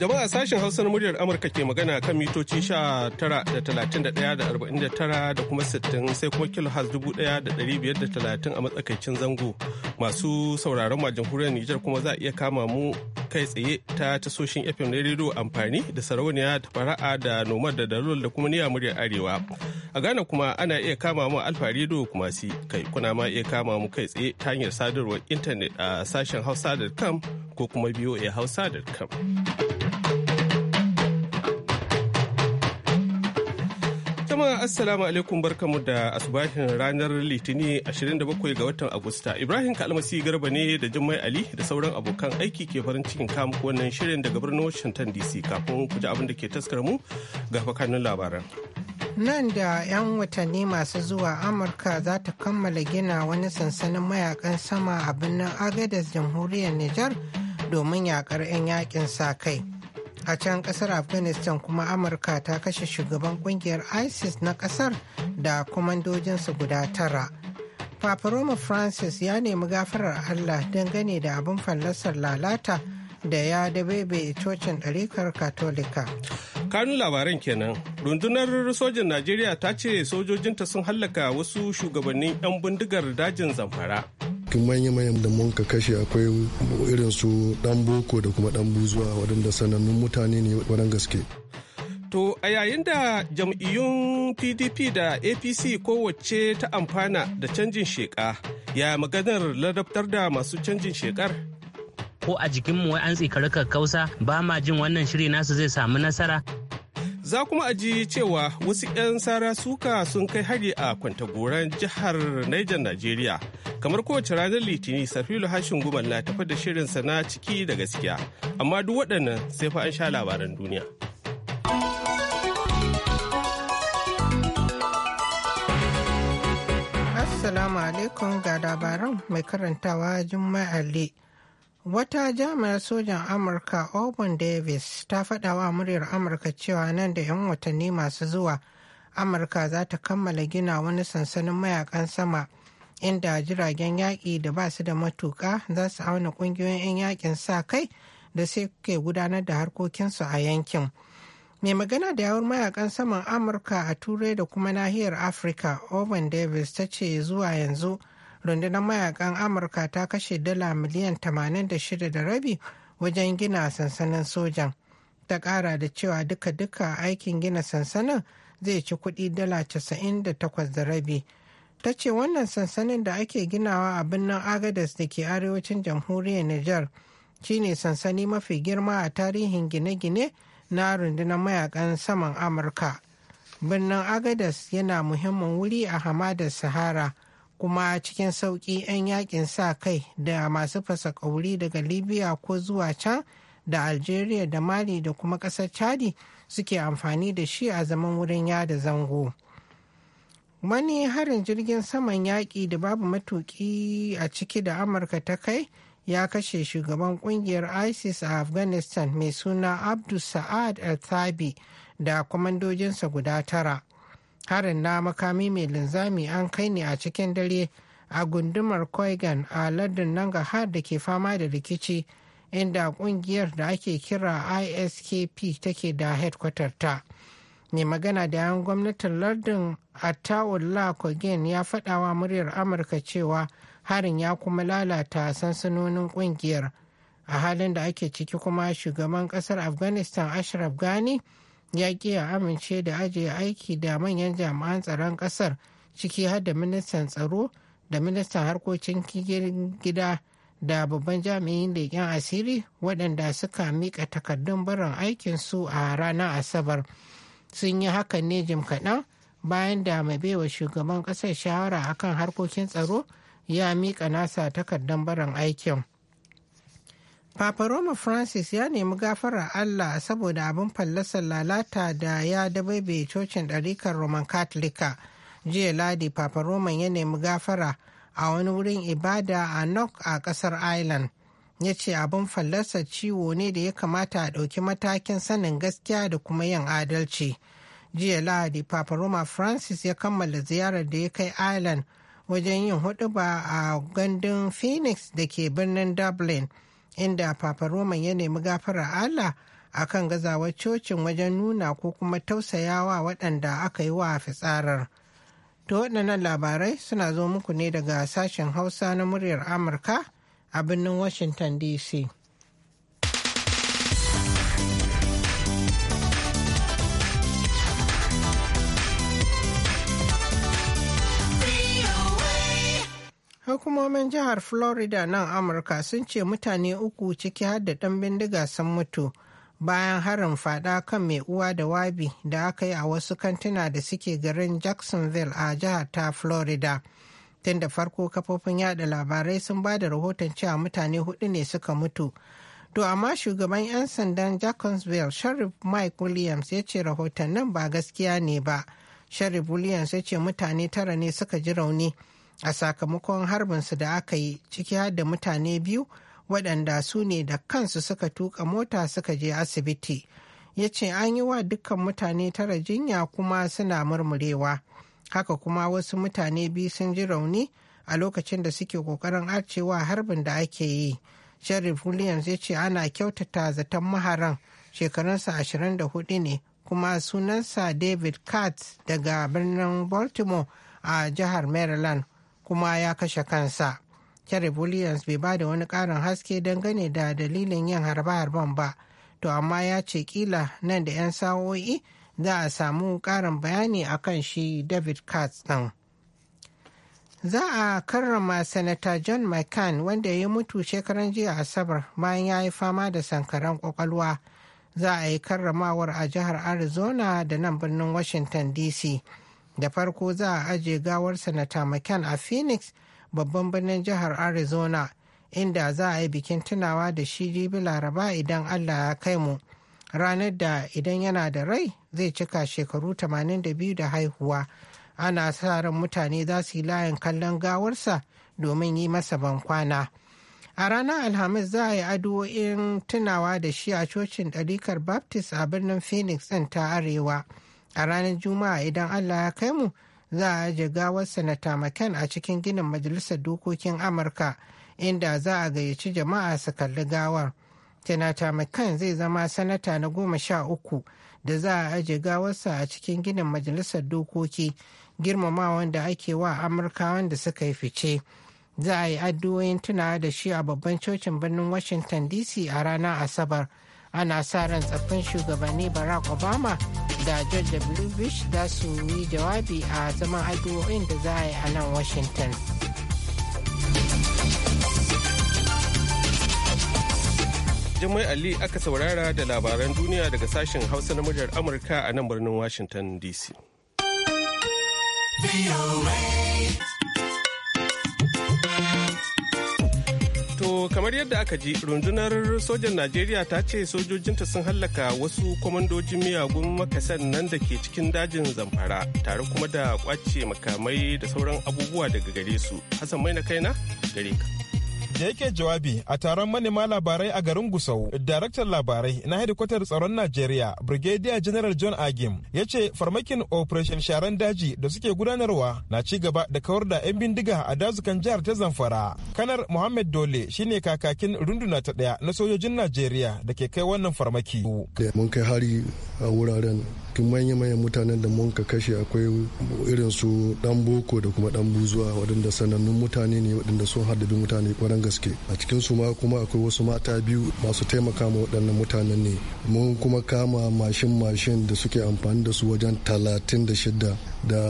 Jama'a sashen Hausa na muryar Amurka ke magana kan mitoci tara da kuma 60 sai kuma kilo da 1530 a matsakaicin zango. Masu sauraron ma jamhuriyar Nijar kuma za a iya kama mu kai tsaye ta tasoshin FM na rediyo amfani da sarauniya ta fara'a da nomad da dalol da kuma niya muryar Arewa. A Ghana kuma ana iya kama mu alfa rediyo kuma si kai kuna ma iya kama mu kai tsaye ta hanyar sadarwar intanet a sashen hausa.com ko kuma voahausa.com. jama'a assalamu alaikum barkamu da asubahin ranar litini 27 ga watan agusta ibrahim kalmasi garba ne da jummai ali da sauran abokan aiki ke farin cikin kamu wannan shirin daga birnin washington dc kafin ku abin da ke taskar mu ga fakanin labaran nan da 'yan watanni masu zuwa amurka za ta kammala gina wani sansanin mayakan sama a birnin agadas jamhuriyar Nijar domin yakar 'yan yakin sa kai a can kasar afghanistan kuma amurka ta kashe shugaban kungiyar isis na kasar da kwamandojinsu guda tara papa roma francis ya nemi gafarar allah dangane da abin fallasar lalata da ya dabebe cocin ɗarikar katolika kanun labaran kenan rundunar sojin najeriya ta ce sojojinta sun hallaka wasu shugabannin 'yan bindigar dajin zamfara manya-manyan da mun ka kashe akwai irin su dan boko da kuma dan buzuwa waɗanda sanannun mutane ne waɗanda gaske To a yayin da jam'iyyun PDP da APC kowace ta amfana da canjin sheƙa ya maganar ladabtar da masu canjin shekar Ko a jikinmu wai an tsikari kausa ba ma jin wannan shiri nasu zai samu nasara Za kuma a ji cewa wasu 'yan sara suka sun kai hari a kwantagoran jihar Niger Najeriya. Kamar kowace ranar Litini, Safilu Hashin Guma na tafi da shirinsa na ciki da gaskiya. Amma duk waɗannan sai fa an sha labaran duniya. Assalamu alaikum ga labaran mai karantawa Jummai Ali. Wata jami'ar sojan Amurka Auburn Davis ta faɗa wa muryar Amurka cewa nan da 'yan watanni masu zuwa Amurka za ta kammala gina wani sansanin mayakan sama inda jiragen yaƙi da ba su da matuƙa za su auna ƙungiyoyin 'yan yaƙin sa kai da sai ke gudanar da harkokinsu a yankin. mai magana da yawar mayakan saman amurka a turai da kuma nahiyar afirka oban davis ta ce zuwa yanzu rundunar mayakan amurka ta kashe dala miliyan 86 da rabi wajen gina sansanin sojan ta kara da cewa duka-duka aikin gina sansanin zai ci kudi dala 98 da rabi ta ce wannan sansanin da ake ginawa a birnin agadas da ke arewacin jamhuriyar niger shine sansani mafi girma a tarihin gine-gine na rundunar mayakan saman amurka birnin agadas yana muhimmin wuri a hamadar sahara kuma cikin sauƙi 'yan yakin sa kai da masu fasa ƙauri daga libya ko zuwa can da algeria da mali da kuma ƙasar chadi suke amfani da shi a zaman wurin yada zango wani harin jirgin saman yaƙi da babu matuƙi a ciki da amurka ta kai ya kashe shugaban ƙungiyar isis a afghanistan mai suna abdul sa'ad al-thabi da kwamandojinsa guda tara harin na makami mai linzami an kai ne a cikin dare a gundumar koigan a lardin har da ke fama da rikici inda kungiyar da ake kira iskp take da headquarter ta mai magana da yan gwamnatin lardin attaullah kogin ya fadawa muryar amurka cewa harin ya kuma lalata sansanonin kungiyar a halin da ake ciki kuma shugaban kasar afghanistan ashraf gani. ya ƙi ya amince da ajiye aiki da manyan jami'an tsaron kasar ciki har da ministan tsaro da ministan harkokin gida da babban jami'in leƙen asiri waɗanda suka miƙa takardun barin aikin su a ranar asabar sun yi hakan ne jim kaɗan bayan da mai baiwa shugaban ƙasar shawara akan harkokin tsaro ya miƙa nasa takardun barin aikin. Papa Roma Francis ya nemi gafara Allah saboda abin fallasar lalata da ya dabaibe cocin ɗarikar Roman Katolika. Jiya Ladi Papa Roman ya nemi gafara a wani wurin ibada a Nok a ƙasar Ireland. Ya ce abin fallasa ciwo ne da ya kamata a ɗauki matakin sanin gaskiya da kuma yin adalci. Jiya Ladi Papa Roma Francis ya kammala ziyarar da ya kai Ireland wajen yin huɗuba a gandun Phoenix da ke birnin Dublin. inda Papa Roman ya nemi gafarar Allah a kan gazawar cocin wajen nuna ko kuma tausayawa waɗanda aka yi wa fitsarar. To waɗannan labarai suna zo muku ne daga sashen Hausa na muryar Amurka a birnin Washington DC. hukumomin jihar florida nan amurka sun ce mutane uku ciki har da ɗan bindiga sun mutu bayan harin fada kan mai uwa da wabi da aka yi a wasu kantuna da suke garin jacksonville a jihar ta florida tun da farko kafofin yada labarai sun ba da rahoton cewa mutane hudu ne suka mutu to amma shugaban 'yan sandan jacksonville sheriff mike williams ya ce rahoton nan ba gaskiya ne ba sheriff williams ya ce mutane tara ne suka ji rauni a sakamakon harbinsu da aka yi ciki har da mutane biyu waɗanda su ne da kansu suka tuka mota suka je asibiti ya ce an yi wa dukkan mutane tara jinya kuma suna murmurewa haka kuma wasu mutane biyu sun ji rauni a lokacin da suke kokarin arcewa harbin da ake yi sharif williams ya ce ana kyautata zaton maharan shekarunsa 24 ne kuma sunansa david katz daga birnin baltimore a jihar maryland kuma ya kashe kansa Kerry Williams bai ba da wani ƙarin haske dangane da dalilin yin harbe-harben ba, to amma ya ce kila nan da 'yan sa'o'i za a samu ƙarin bayani a kan shi David Katz ɗin. Za a karrama Sanata John McCain wanda ya mutu shekaran jiya Asabar bayan ya yi fama da sankaran kwakwalwa. Za a yi karramawar a jihar Arizona da nan birnin Washington DC. da farko za a ajiye gawar sanata mccain a phoenix babban birnin jihar arizona inda za a yi bikin tunawa da shi jibi laraba idan allah ya kai mu ranar da idan yana da rai zai cika shekaru 82 da haihuwa ana sa ran mutane za su yi layin kallon gawarsa domin yi masa bankwana a ranar alhamis za a yi addu'o'in tunawa da shi a cocin ɗalikar baptist a birnin phoenix din ta arewa a ranar juma'a idan allah ya kai mu za a je gawar sanata mccain a cikin ginin majalisar dokokin amurka inda za a gayyaci jama'a su kalli gawar sanata mccain zai zama sanata na goma sha uku da za a aje gawarsa a cikin ginin majalisar dokoki girmama da ake wa amurka wanda suka yi fice za a yi addu'o'in tunawa da shi a babban cocin birnin washington dc a ranar asabar ana sa ran tsaffin shugabanni barack obama da george w bush za su yi jawabi a zaman addu'o'in da za a yi a nan washington jimai ali aka saurara da labaran duniya daga sashen hausa na muryar amurka a nan birnin washington dc kamar yadda aka ji rundunar sojan Najeriya ta ce sojojinta sun hallaka wasu kwamandojin miyagun makasan nan da ke cikin dajin zamfara tare kuma da kwace makamai da sauran abubuwa daga gare su. Hassan mai na kaina gare ka. da yake jawabi a taron manema labarai a garin Gusau, daraktan labarai na hedikwatar tsaron Najeriya, Brigadier General John Agim, ya ce farmakin Operation Sharan Daji da suke gudanarwa na ci gaba da kawar da 'yan bindiga a dazukan jihar ta Zamfara. Kanar mohammed Dole shine kakakin runduna ta ɗaya na sojojin Najeriya da ke kai wannan farmaki. Mun kai hari a wuraren cikin manya-manyan mutanen da mun ka kashe akwai irin su dan boko da kuma dan buzuwa waɗanda sanannun mutane ne waɗanda sun haddabi mutane kwaran gaske a cikin su ma kuma akwai wasu mata biyu masu taimaka ma waɗannan mutanen ne mun kuma kama mashin-mashin da suke amfani da su wajen talatin da shida da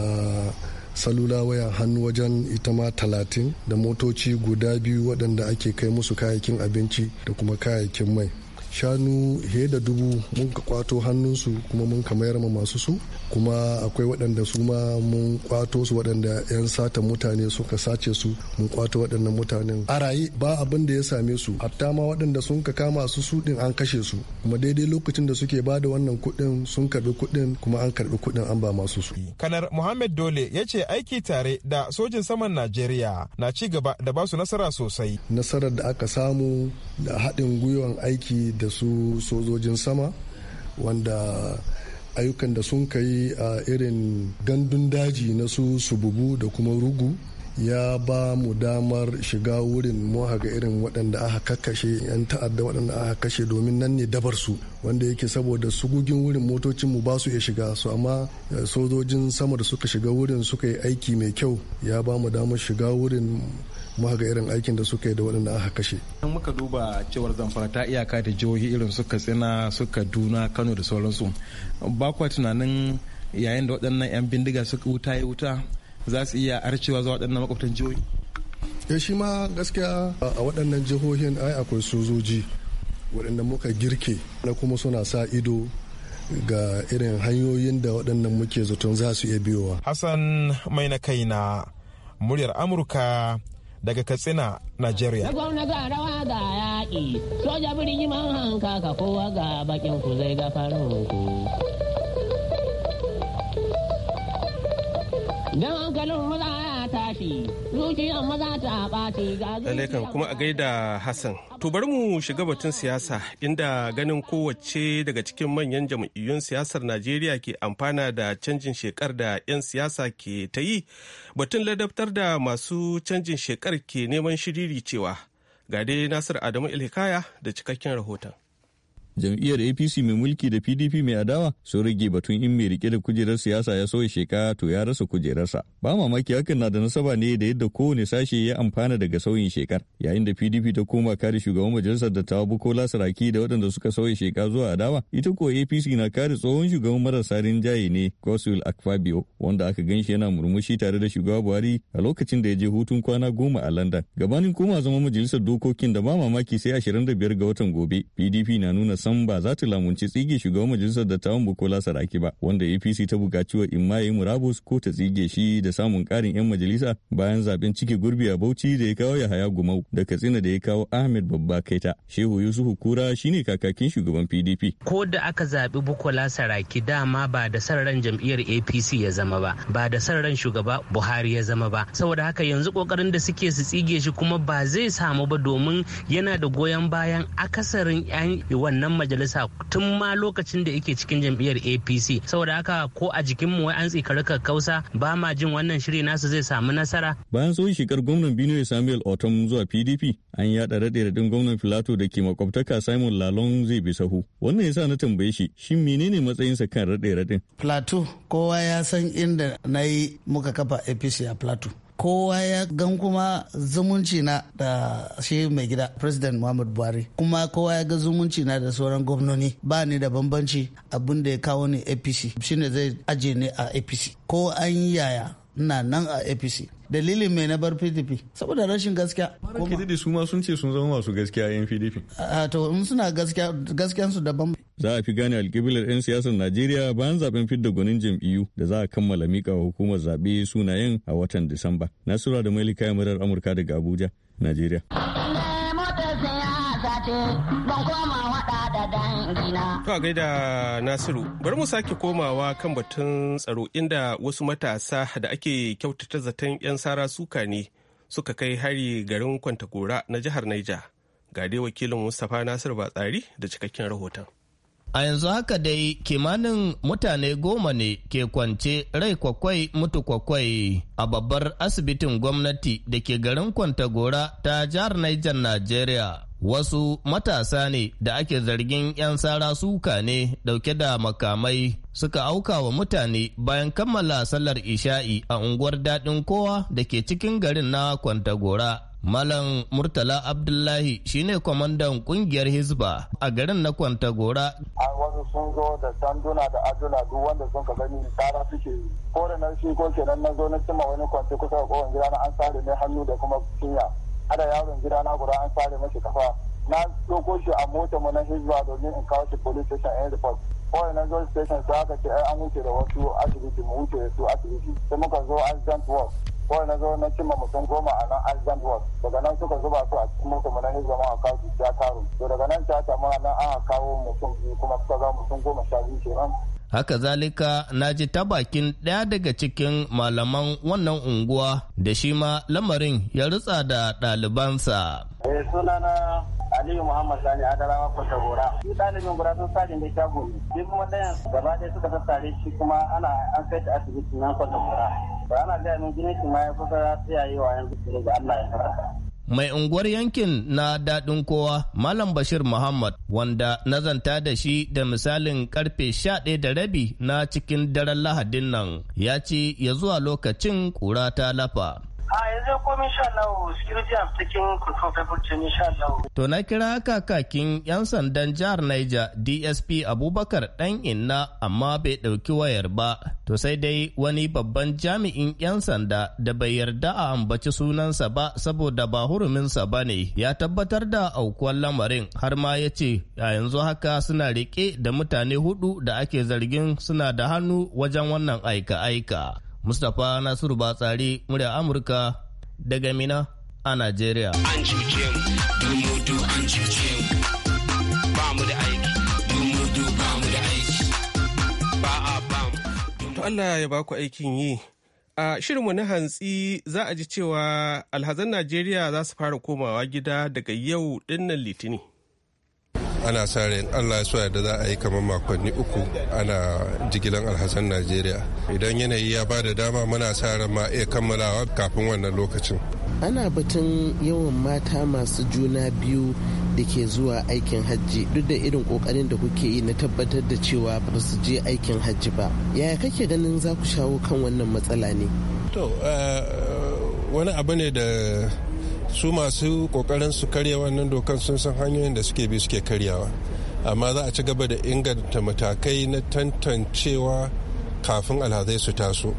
salula waya hannu wajen ita ma talatin da motoci guda biyu waɗanda ake kai musu kayayyakin abinci da kuma kayayyakin mai shanu fiye da dubu mun ka kwato hannunsu kuma mun ka mayar ma masu su kuma akwai waɗanda su ma mun kwato su waɗanda 'yan sata mutane suka sace su mun kwato waɗannan mutanen a raye ba abin da ya same su hatta ma waɗanda sun ka kama su su din an kashe su kuma daidai lokacin da suke ba da wannan kuɗin sun karbi kuɗin kuma an karbi kuɗin an ba masu su kanar muhammad dole ya ce aiki tare da sojin saman najeriya na ci gaba da ba su nasara sosai nasarar da aka samu da haɗin gwiwan aiki da da su sojojin sama wanda ayyukan da sun kai a irin gandun daji na su sububu da kuma rugu ya ba mu damar shiga wurin moha ga irin waɗanda aka kakkashe 'yan ta'adda waɗanda aka kashe domin nan ne dabar su wanda yake saboda sugugin wurin motocin mu ba su iya shiga su amma eh, sojojin sama da suka shiga wurin suka yi aiki mai kyau ya ba mu damar shiga wurin muka ga irin aikin da suka yi da waɗanda aka kashe. Idan muka duba cewar zamfara ta iyaka da jihohi irin su Katsina su Kaduna Kano da sauransu ba kuwa tunanin yayin da waɗannan 'yan bindiga suka wuta ya wuta za su iya arcewa zuwa waɗannan makwabtan jihohi. Ya eh, shi ma gaskiya a waɗannan jihohin ai akwai sojoji waɗanda muka girke na kuma suna sa ido ga irin hanyoyin da waɗannan muke zaton za su iya biyowa. Hassan mai na kai na muryar Amurka daga Katsina, Najeriya. soja birni man hanka ka kowa ga bakin ku zai ga farin ku. Don hankalin maza ta tashi zuciyar kuma a gaida Hassan. To bari mu shiga batun siyasa inda ganin kowace daga cikin manyan jam'iyyun siyasar Najeriya ke amfana da canjin shekar da 'yan siyasa ke ta yi batun ladabtar da masu canjin shekar ke neman shiriri cewa gade nasar Nasir Adamu Ilhikaya da cikakken rahoton. jam'iyyar apc mai mulki da pdp mai adawa sun rage batun in mai rike da kujerar siyasa ya sauya sheka to ya rasa kujerarsa ba mamaki hakan na da nasaba ne da yadda kowane sashe ya amfana daga sauyin shekar yayin da pdp ta koma kare shugaban majalisar dattawa bukola saraki da waɗanda suka sauya sheka zuwa adawa ita ko apc na kare tsohon shugaban marasa rinjaye ne gosul akfabio wanda aka ganshi yana murmushi tare da shugaba buhari a lokacin da ya je hutun kwana goma a london gabanin koma zama majalisar dokokin da ba mamaki sai ashirin da 25 ga watan gobe pdp na nuna san ba za ta lamunci tsige shugaban majalisar dattawan Bukola Saraki ba wanda APC ta bukaci wa imma murabus ko ta tsige shi da samun karin 'yan majalisa bayan zaben cike gurbi a Bauchi da ya kawo Yahaya Gumau da Katsina da ya kawo Ahmed Babba Kaita. Shehu Yusufu Kura shine kakakin shugaban PDP. Ko da aka zabi Bukola Saraki dama ba da san ran jam'iyyar APC ya zama ba, ba da san ran shugaba Buhari ya zama ba. Saboda haka yanzu kokarin da suke su tsige shi kuma ba zai samu ba domin yana da goyon bayan akasarin 'yan wannan majalisa tun ma lokacin da yake cikin jam'iyyar apc saboda haka ko a jikinmu wai an tsikari kausa ba ma jin wannan shiri nasu zai samu nasara bayan tsohon shekar gwamnan benue samuel otom zuwa pdp an yada raɗe raɗin gwamnan filato da ke makwabtaka simon lalon zai bi sahu wannan yasa na tambaye shi shin menene matsayinsa kan raɗe raɗin plateau kowa ya san inda na yi muka kafa apc a plateau kowa ya gan kuma zumunci na da shi mai gida president muhammadu buhari kuma kowa ya ga zumunci na da sauran gwamnoni ba ni da bambanci abin da ya kawo ni apc shine zai ajiye ni a apc ko an yaya ina nan a apc dalilin mai na bar pdp saboda rashin gaskiya kuma su ma sun ce sun zama masu gaskiya yan pdp a ah, to in suna gaskiya gaskiyan su daban za a fi gane alkiblar 'yan siyasar najeriya bayan zaben fidda gwanin jam'iyyu da za a kammala mika wa hukumar zaɓe sunayen a watan disamba nasura da mailika ya murar amurka daga abuja najeriya ban koma dangina. To a gaida Nasiru, bari mu sake komawa kan batun tsaro inda wasu matasa da ake kyautata zaton 'yan sara suka ne suka kai hari garin Kwantagora na jihar Naija. Ga dai wakilin Mustapha Nasir Batsari da cikakken rahoton. A yanzu haka dai kimanin mutane goma ne ke kwance rai kwakwai mutu kwakwai a babbar asibitin gwamnati da ke garin Kwantagora ta jihar Niger nigeria Wasu matasa ne da ake zargin 'yan sara suka ne dauke da makamai suka auka wa mutane bayan kammala sallar isha'i a unguwar daɗin kowa da ke cikin garin na Kwantagora. Malam Murtala Abdullahi shine kwamandan kungiyar Hizba a garin na gora A wasu sun zo da sanduna da aduna duk wanda sun ka gani tara suke yi. Kore na shi ko kenan na zo na cima wani kwanci kusa da kowane gida na an sare ne hannu da kuma cinya. Ada yaron gida na guda an sare mashi kafa. Na ɗauko shi a mota mu na Hizba domin in kawo shi police station airport. kawai na zo station sai aka ce an wuce da wasu asibiti mu wuce da su asibiti sai muka zo accident ward kawai na zo na cimma mutum goma a nan accident ward daga nan suka zuba su a cikin mota mu na ne zama a kawo su ya karu to daga nan ta samu nan an kawo mutum biyu kuma suka ga mutum goma sha biyu kenan Haka zalika na ji ta bakin ɗaya daga cikin malaman wannan unguwa da shi ma lamarin ya rutsa da ɗalibansa. Eh, sunana Aliyu Muhammad Sani Adarawa Kwata Gora. Ni ɗalibin guda sun sare da shago ne. kuma ɗayan gaba ɗaya suka sassare shi kuma ana an kai asibiti nan Kwata Gora. Ba ana gaya min jinin shi ma ya kusa tsayayewa yanzu da Allah ya fara. mai unguwar yankin na daɗin kowa malam bashir muhammad wanda nazanta da shi da misalin karfe ɗaya da rabi na cikin daren lahadin nan ya ce ya zuwa lokacin ƙura ta lafa a yanzu komai sha security and to to na kira kakakin yan sandan jihar Niger DSP Abubakar dan inna amma bai dauki wayar ba to sai dai wani babban jami'in yan sanda da bai yarda a ambaci sunansa ba saboda ba huruminsa ba ne ya tabbatar da aukuwar lamarin har ma ya ce a yanzu haka suna riƙe da mutane hudu da ake zargin suna da hannu wajen wannan aika-aika Mustapha Nasiru Batsari murya Amurka daga Mina a Najeriya. An ba mu Allah ya baku aikin yi. A shirinmu na hantsi za a ji cewa alhazan Najeriya za su fara komawa gida daga yau dinnan Litinin. ana sa ran allah ya da za a yi kamar makonni uku ana jigilan Alhassan najeriya idan yanayi ya ba da dama muna sa ran ma iya kammalawa kafin wannan lokacin ana batun yawan mata masu juna biyu da ke zuwa aikin hajji duk da irin kokarin da kuke yi na tabbatar da cewa ba su je aikin hajji ba yaya kake ganin za ku shawo kan wannan matsala ne to eh, wani abu ne da su masu kokarin su karya wannan dokan sun san hanyoyin da suke bi suke karyawa amma za a ci gaba da inganta matakai na tantancewa kafin alhazai su taso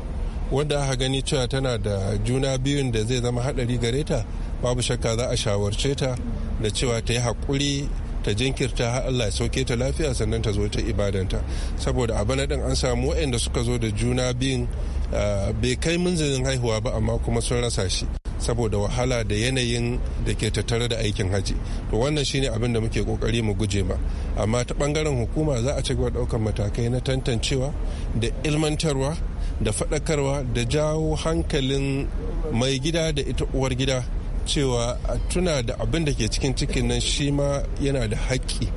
wanda aka gani cewa tana da juna biyun da zai zama hadari gare ta babu shakka za a shawarce ta da cewa ta yi haƙuri ta jinkirta har Allah ya sauke ta lafiya sannan ta zo ta ibadanta saboda a bana an samu waɗanda suka zo da juna biyun ah, bai kai minzirin haihuwa ba amma kuma sun rasa shi saboda wahala da yanayin da ke tattare da aikin hajji to wannan shine abin da muke kokari mu guje ma amma ta bangaren hukuma za a ci gaba daukan matakai na tantancewa da ilmantarwa da faɗakarwa da jawo hankalin mai gida da ita uwar gida cewa tuna da abin da ke cikin cikin nan shi ma yana da haƙƙi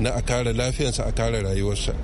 na a kare lafiyarsa a kare rayuwarsa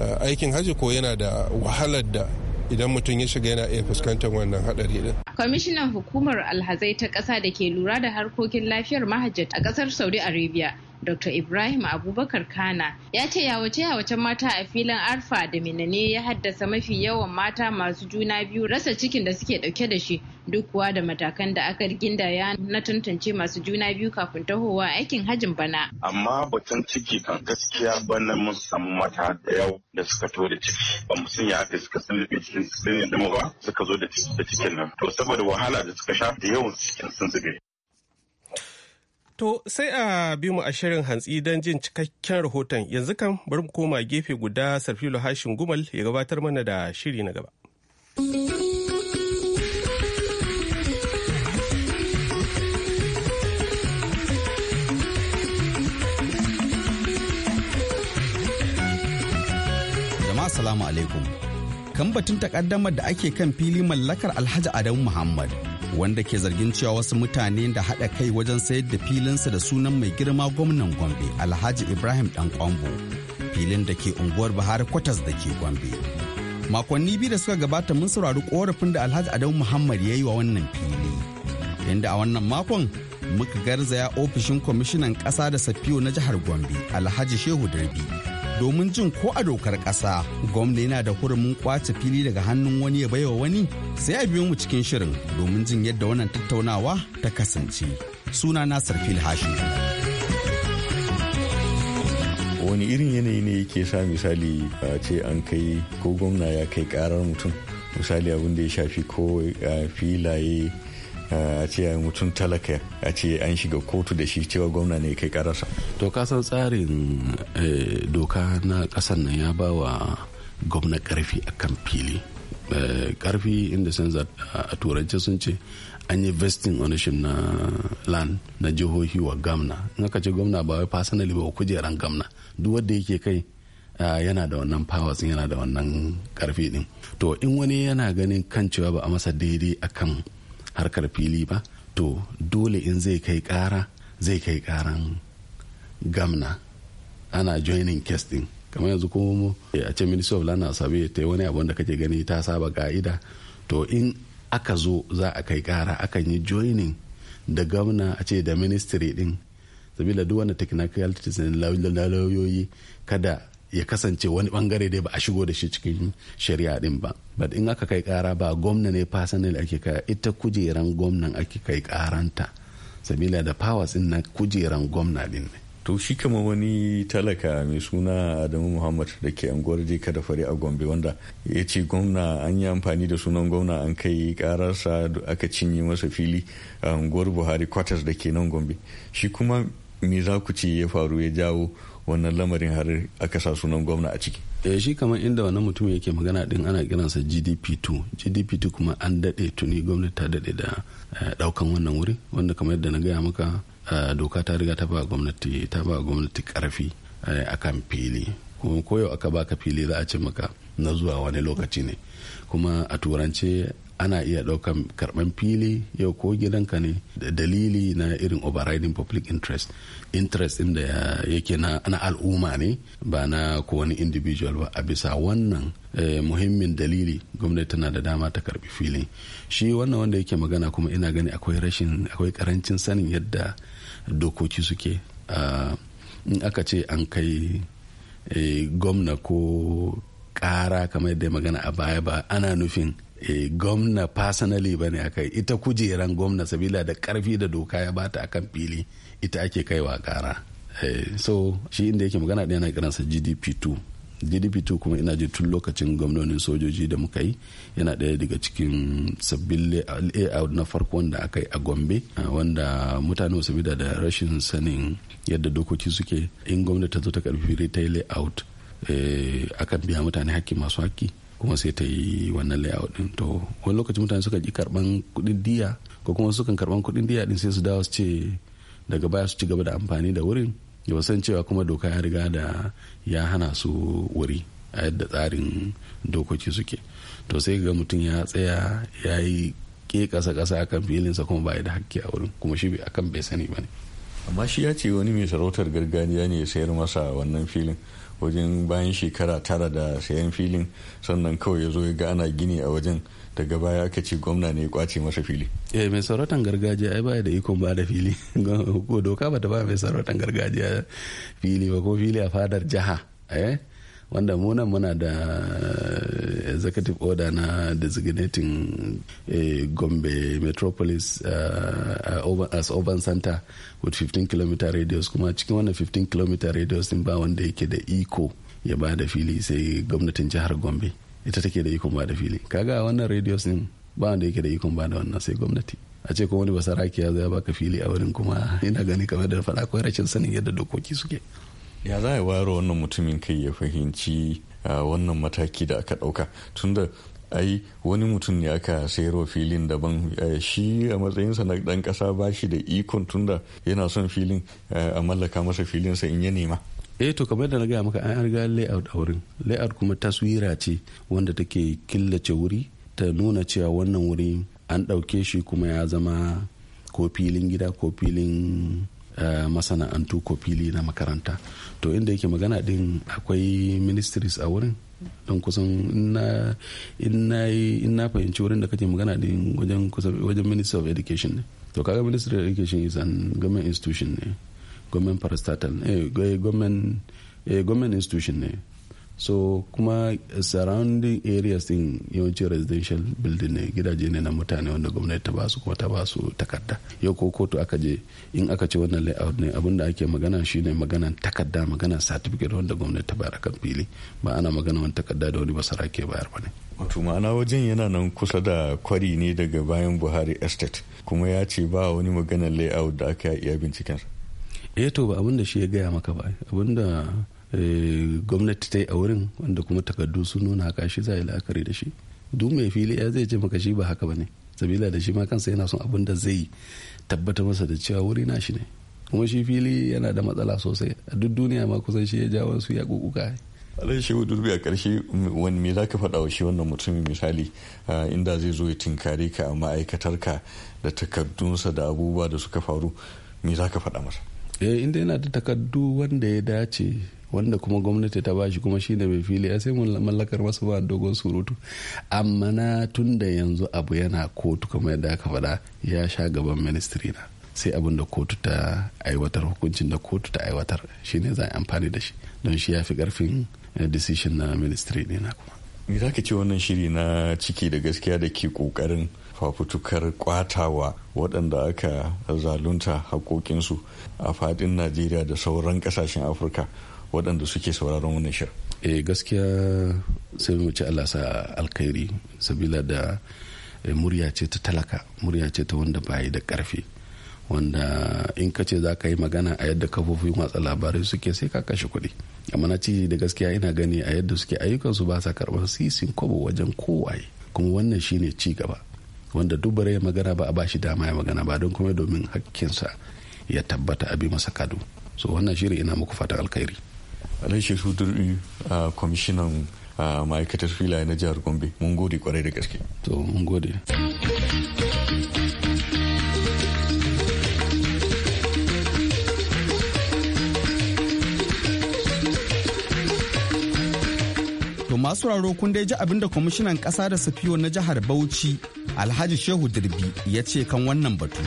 eh, aikin haji ko yana da wahalar da idan mutum ya shiga yana iya fuskantar wannan haɗari din. Kwamishinan hukumar alhazai ta ƙasa da ke lura da harkokin lafiyar mahajjata a ƙasar Saudi Arabia Dr. Ibrahim Abubakar Kana ya ce yawace yawacen mata a filin Arfa da Minane ya haddasa mafi yawan mata masu juna biyu rasa cikin da suke dauke da shi duk kuwa da matakan da aka ya na tantance masu juna biyu kafin tahowa aikin hajin bana. Amma batun ciki kan gaskiya bana mun samu mata da yau da suka to da ciki ba mu sun aka suka sun cikin sun ba suka zo da cikin nan to saboda wahala da suka sha da yawan cikin sun zube. To sai a bi mu a shirin hantsi don jin cikakken rahoton yanzu kan bari mu koma gefe guda Sarfilo Hashin Gumal ya gabatar mana da shiri na gaba. Jama'a salamu alaikum. Kan batun takaddamar da ake kan fili mallakar Alhaji Adamu Muhammad. wanda ke zargin cewa wasu mutane da haɗa kai wajen sayar da filinsa da sunan mai girma gwamnan gombe alhaji ibrahim dan kwambo filin da ke unguwar bahar kwatas da ke gombe makonni biyu da suka gabata mun saurari korafin da alhaji adamu muhammad ya yi wa wannan fili inda a wannan makon muka garzaya ofishin kwamishinan ƙasa da safiyo na jihar gombe alhaji shehu darbi domin jin ko a dokar ƙasa gwamna yana da hurumin kwace fili daga hannun wani ya baiwa wani sai a biyo mu cikin shirin domin jin yadda wannan tattaunawa ta kasance suna nasir fil hashi wani irin yanayi ne yake sa misali a ce an kai ko gwamna ya kai karar mutum misali abin da ya shafi ko filaye Eh, a ce mutum talaka a ce an shiga kotu da shi cewa gwamna ne kai karasa to kasan tsarin eh, doka na kasan nan ya ba wa gwamna karfi akan fili karfi eh, inda sun a turance sun ce an yi vesting ownership na land na jihohi wa gamna in aka ce gwamna ba wai personally ba kujeran gamna duk wanda yake kai yana da wannan powers yana da wannan karfi din to in wani yana ganin kan cewa ba a masa daidai akan harkar fili ba to dole in zai kai ƙara zai kai ƙaran gamna ana joining kes ɗin kamar yanzu kuma eh, a ce ministry of land sabi ta wani abu da kake gani ta saba ka'ida to in aka zo za a kai kara akan yi joining da gamna a ce da ministry din sabila duk wanda technicalities na lauyoyi kada ya kasance wani bangare dai ba a shigo da shi cikin shari'a din ba but in aka kai kara ba gwamna ne fasanil ake kai ita kujeran gwamnan ake kai karanta sabila da powers din na kujeran gwamna din ne to shi kama wani talaka mai suna adamu muhammad da ke anguwar jika da fari a gombe wanda ya ce gwamna an yi amfani da sunan gwamna an kai kararsa aka cinye masa fili a unguwar buhari quarters da ke nan gombe shi kuma me za ku ce ya faru ya jawo wannan lamarin har aka sa sunan gwamna a ciki eh shi kamar inda wannan mutum yake magana din ana kiransa GDP2 GDP2 kuma an daɗe tuni gwamnati ta daɗe da daukan eh, wannan wuri wanda kamar yadda na gaya maka eh, doka ta riga ta ba gwamnati ta ba gwamnati karfi eh, kan fili kuma koyo aka baka fili za a ce maka na zuwa wani lokaci ne kuma a turance ana iya ɗaukan karɓan fili yau ko gidanka ne da dalili na irin overriding public interest interest in da yake na al'umma ne ba na ko wani individual ba a bisa wannan eh, muhimmin dalili gwamnati tana da dama ta karbi fili shi wannan wanda yake magana kuma ina gani akwai rashin akwai karancin sanin yadda dokoki suke ah, in aka ce an kai eh, gwamna ko ƙara kamar yadda magana a baya ba ana nufin e, gwamna personally ba ne aka ita kujeran gwamna sabila da karfi da doka ya bata akan fili ita ake kaiwa kara eh, so shi inda yake magana ɗaya na kiransa gdp2 gdp2 kuma ina ji tun lokacin gwamnonin sojoji da muka yi yana ɗaya daga cikin sabbin layout na farko wanda aka yi a gombe eh, wanda mutane wasu bida da rashin sanin yadda dokoki suke in gwamnati ta zo ta karfi ta yi layout akan biya mutane hakki masu hakki kuma sai ta yi wannan layout din to wani lokaci mutane suka ji karban kudin diya ko kuma sukan karban kudin diya din sai su dawo su ce daga baya su ci gaba da amfani da wurin ba san cewa kuma doka ya riga da ya hana su wuri a yadda tsarin dokoki suke to sai ga mutum ya tsaya ya yi ke kasa kasa akan filinsa kuma ba da hakki a wurin kuma shi akan bai sani ba ne amma shi ya ce wani mai sarautar gargajiya ne ya sayar masa wannan filin wajen bayan shekara tara da sayan filin sannan kawai ya zo ya ga gini a wajen daga baya aka ce gwamna ne ya kwace masa fili. eh mai sarautan gargajiya ai baya da ikon ba da fili ko doka ba ta ba mai sarautan gargajiya fili ba ko fili a fadar jiha eh wanda munan muna da eh, executive order na designating eh, gombe metropolis eh, as urban center with 15 km radius kuma cikin wannan 15 km radius din ba wanda yake da iko ya ba da fili sai gwamnatin jihar gombe ita take da ikon ba da fili kaga wannan radius din ba wanda yake da ikon ba da wannan sai gwamnati a ce kuma wani basaraki ya zai baka fili a wurin kuma ina gani kamar da faɗa akwai rashin sanin yadda dokoki suke ya za a waro wannan mutumin kai ya fahimci wannan mataki da aka ɗauka tunda ai wani mutum ne aka sayarwa filin daban shi a matsayinsa na ɗan kasa ba shi da ikon tunda yana son filin a mallaka masa filinsa in ya nema eh to kamar da na gaya maka an riga layout a wurin layout kuma taswira ce wanda take killace wuri ta nuna cewa wannan wuri an ɗauke shi kuma ya zama ko filin gida ko filin Eh, masana'antu ko fili na makaranta to inda yake magana din akwai ministries a wurin don kusan ina fahimci wurin da kake magana din wajen minister of education ne to kaga minister of education is an government institution ne government parastatal eh, eh, eh government institution ne so kuma uh, surrounding areas din yawanci residential building ne gidaje ne na mutane wanda gwamnati ta basu kuma ta basu takarda yau ko kotu aka je in aka ce wannan layout ne abinda ake magana shine maganan takarda magana certificate wanda gwamnati ta bayar kan fili ba ana magana wani takarda da wani basara ke bayar ba ne wato ma'ana wajen yana nan kusa da kwari ne daga bayan buhari estate kuma ya ce ba wani maganan layout da aka iya binciken eh to ba abinda shi ya gaya maka ba abinda Eh, gwamnati ta yi a wurin wanda kuma takardu sun nuna haka shi za a yi la'akari da shi duk mai fili ya zai ce maka shi ba haka ba ne sabila da shi ma kansa yana son abin da zai tabbata masa da cewa wuri na shi ne kuma shi fili yana da matsala sosai a duk duniya ma kusan shi ya jawo su ya kukuka alai shi durbi a karshe wani me zaka faɗa wa shi wannan mutumin misali inda zai zo ya tinkare ka a ma'aikatarka da takardunsa da abubuwa da suka faru me zaka faɗa masa eh inda yana da takardu wanda ya dace wanda kuma gwamnati ta bashi kuma shine mai fili sai mallakar masu ba dogon surutu amma na tun da yanzu abu yana kotu kamar yadda aka faɗa ya sha gaban ministry na sai abin da kotu ta aiwatar hukuncin da kotu ta aiwatar shine za a amfani da shi don shi ya fi karfin eh, decision na ministry ne na kuma me za ka ce wannan shiri na ciki da gaskiya da ke kokarin fafutukar kwatawa waɗanda aka zalunta haƙoƙinsu a fadin najeriya da sauran ƙasashen afirka waɗanda suke sauraron wannan shirin eh gaskiya sai mu ci Allah sa alkhairi sabila da eh, murya ce ta talaka murya ce ta wanda ba yi da karfi wanda in ka ce za ka yi magana a yadda kafofin watsa labarai suke sai ka kashe kuɗi amma na ci da gaskiya ina gani a yadda suke ayyukansu ba sa karɓar sisin kobo wajen kowaye kuma wannan shine ci gaba wanda dubare ya magana ba a ba shi dama ya magana ba don kuma domin hakkinsa ya tabbata a bi masa kado so wannan shirin ina muku fatan alkhairi Alhaji Shudur a kwamishinan eh, ma'aikatar filaye na jihar Gombe. Mun gode kwarai da gaske. To mun gode. To masu raro kun dai ji abin da kwamishinan ƙasa da safiyo na jihar Bauchi Alhaji Shehu Dirbi ya ce kan wannan batu.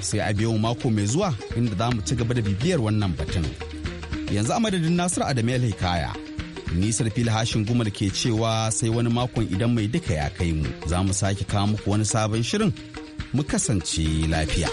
Sai a biyo mako mai zuwa inda za mu ci gaba da bibiyar wannan batun. yanzu a madadin nasiru adamu ya hikaya nisar fili hashin gumar ke cewa sai wani makon idan mai duka ya kai mu za mu sake kawo muku wani sabon shirin mu kasance lafiya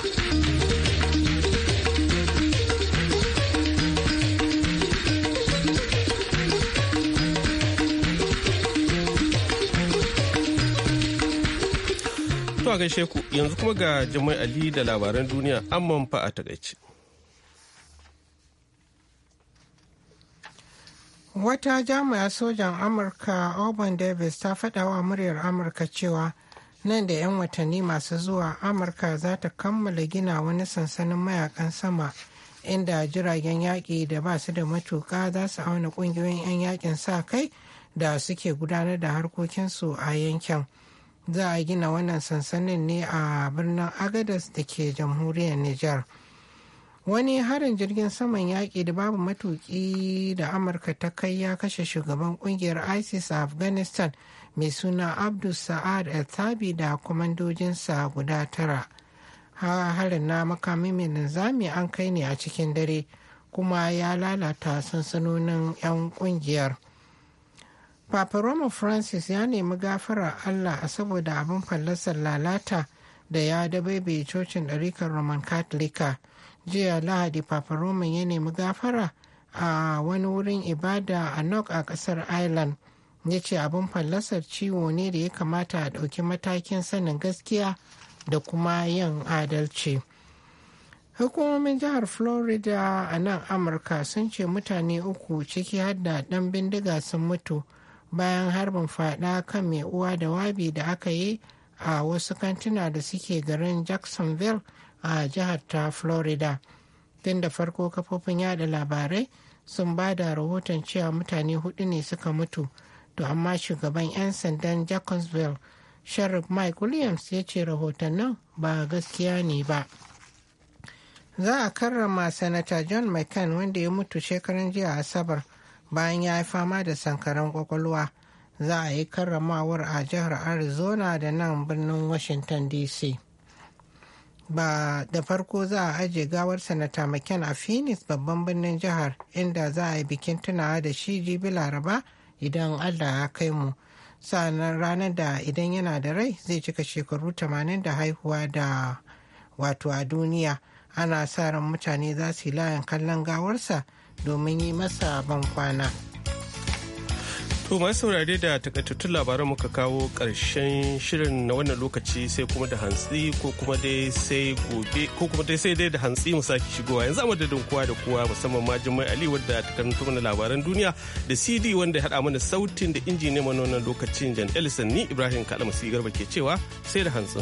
To gaishe ku yanzu kuma ga Jami'ai Ali da labaran duniya amman fa a takaice. wata jami'a sojan amurka auburn davis ta faɗa wa muryar amurka cewa nan da 'yan watanni masu zuwa amurka za ta kammala gina wani sansanin mayakan sama inda jiragen yaƙi da ba su da matuƙa za su auna ƙungiyoyin 'yan yaƙin sa kai da suke gudanar da harkokinsu a yankin za a gina wannan sansanin ne a birnin agadas da ke jamhuriyar Nijar. wani harin jirgin saman yaƙi da babu matuƙi da amurka ta kai ya kashe shugaban ƙungiyar isis a afghanistan mai suna abdul sa'ad al-tabi da kwamandojinsa guda tara harin na makami mai linzami an kai ne a cikin dare kuma ya lalata sansanonin 'yan ƙungiyar papa roma francis ya nemi gafara allah a saboda abin fallasar lalata da ya dabaibaye cocin ɗarikar roman katolika jiya lahadi papa roman ya nemi gafara a wani wurin ibada a nok a kasar ireland ya ce abin fallasar ciwo ne da ya kamata a ɗauki matakin sanin gaskiya da kuma yin adalci hukumomin jihar florida a nan amurka sun ce mutane uku ciki har da ɗan bindiga sun mutu bayan harbin fada kan mai uwa da wabi da aka yi a wasu kantuna da suke garin jacksonville a jihar ta florida tun da farko kafofin yada labarai sun ba da rahoton cewa mutane hudu ne suka mutu to amma shugaban 'yan sandan jacksonville sheriff mike williams ya ce rahotannin ba gaskiya ne ba za a karrama sanata john mccain wanda ya mutu shekaran jiya asabar bayan ya yi fama da sankaran kwakwalwa za a yi karramawar a jihar arizona da nan birnin washington dc ba da farko za a ajiye gawar sanata a phoenix babban birnin jihar inda za a yi bikin tunawa da shi jibi laraba idan allah ya kai mu sannan ranar da idan yana da rai zai cika shekaru 80 da haihuwa da wato a duniya ana sa ran mutane za su yi layin kallon gawarsa domin yi masa ban kwana. To masu saurare da takaitattun labaran muka kawo ƙarshen shirin na wannan lokaci sai kuma da hantsi ko kuma dai sai gobe ko kuma dai sai dai da hantsi mu sake shigowa yanzu a madadin kowa da kowa musamman ma Jummai Ali wadda ta karanto mana labaran duniya da CD wanda ya haɗa mana sautin da injiniyan wannan lokacin Jan Ellison ni Ibrahim Kalamu Garba ke cewa sai da hantsin.